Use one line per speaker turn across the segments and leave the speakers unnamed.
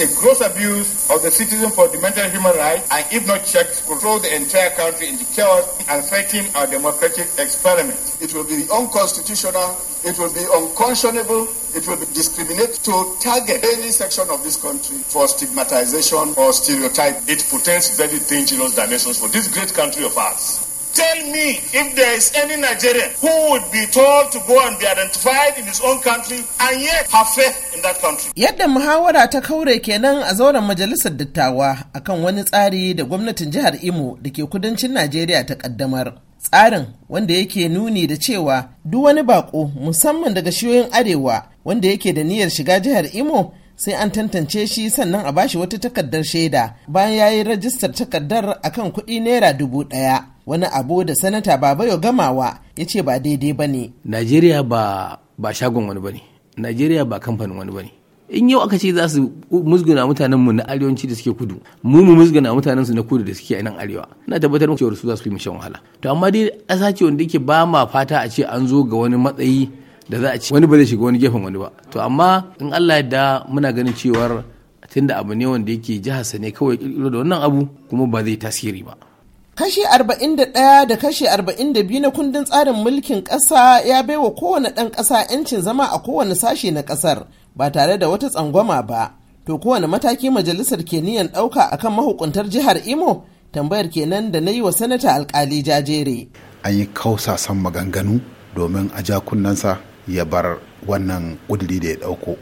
a gross abuse of the citizen fundamental human rights, and if not checked, will throw the entire country into chaos and threaten our democratic experiment. It will be unconstitutional,
it will be unconscionable, it will be discriminate to target any section of this country for stigmatization or stereotype. It portends very dangerous dimensions for this great country of ours.
Tell me if there is any Nigerian who would be told to
go and be identified in his own country and yet have faith in that country.
Yadda muhawara ta kaure kenan a zauren majalisar dattawa akan wani tsari da gwamnatin jihar Imo da ke kudancin Najeriya ta kaddamar. tsarin wanda yake nuni da cewa duk wani bako musamman daga shiyoyin arewa wanda yake da niyyar shiga jihar imo sai an tantance shi sannan a bashi wata takardar shaida bayan ya yi rajistar takardar akan kuɗi naira dubu ɗaya wani abu da sanata babayo gamawa ya ce ba daidai ba ne
najeriya ba shagon wani ba ne najeriya ba kamfanin wani ba ne in yau aka ce za su musguna mutanen mu na arewanci da suke kudu mu mu musguna mutanen su na kudu da suke nan arewa na tabbatar muku cewa su za su yi mishan wahala to amma dai ƙasa ce wanda yake ba ma fata a ce an zo ga wani matsayi da za a ce wani ba zai shiga wani gefen wani ba to amma in Allah ya da muna ganin cewar tunda abu ne wanda yake jihar sa ne kawai kirkiro da wannan abu kuma ba zai tasiri ba
Kashi 41 da kashi 42 na kundin tsarin mulkin kasa ya baiwa kowane ɗan ƙasa 'yancin zama a kowane sashe na ƙasar ba tare da wata tsangwama ba. To kowane mataki majalisar ke niyan ɗauka kan mahukuntar jihar Imo tambayar kenan da na yi wa sanata alkali jajere.
An yi kausasan maganganu domin a ja kunnensa ya bar wannan ƙudiri da ya ɗauko.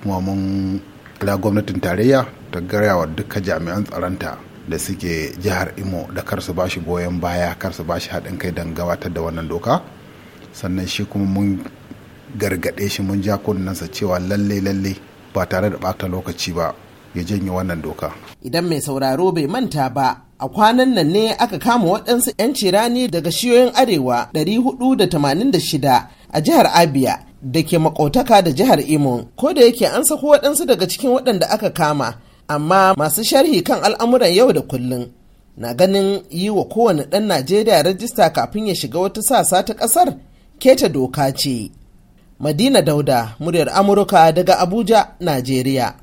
Kuma mun gwamnatin tarayya ta gaya duka jami'an tsaronta da suke jihar imo da kar su bashi goyon baya kar su bashi haɗin kai don gabatar da wannan doka sannan shi kuma mun gargaɗe shi mun ja kunnensa cewa lalle lalle ba tare da ɓata lokaci ba ya janye wannan doka
idan mai sauraro bai manta ba a kwanan nan ne aka kama waɗansu 'yan cirani daga shiyoyin arewa 486 a jihar abia da ke makotaka da jihar imo ko da yake an sako waɗansu daga cikin waɗanda aka kama amma masu sharhi kan al'amuran yau da kullum na ganin yi wa kowane ɗan najeriya rajista kafin ya shiga wata sasa ta ƙasar keta doka ce madina dauda muryar amurka daga abuja najeriya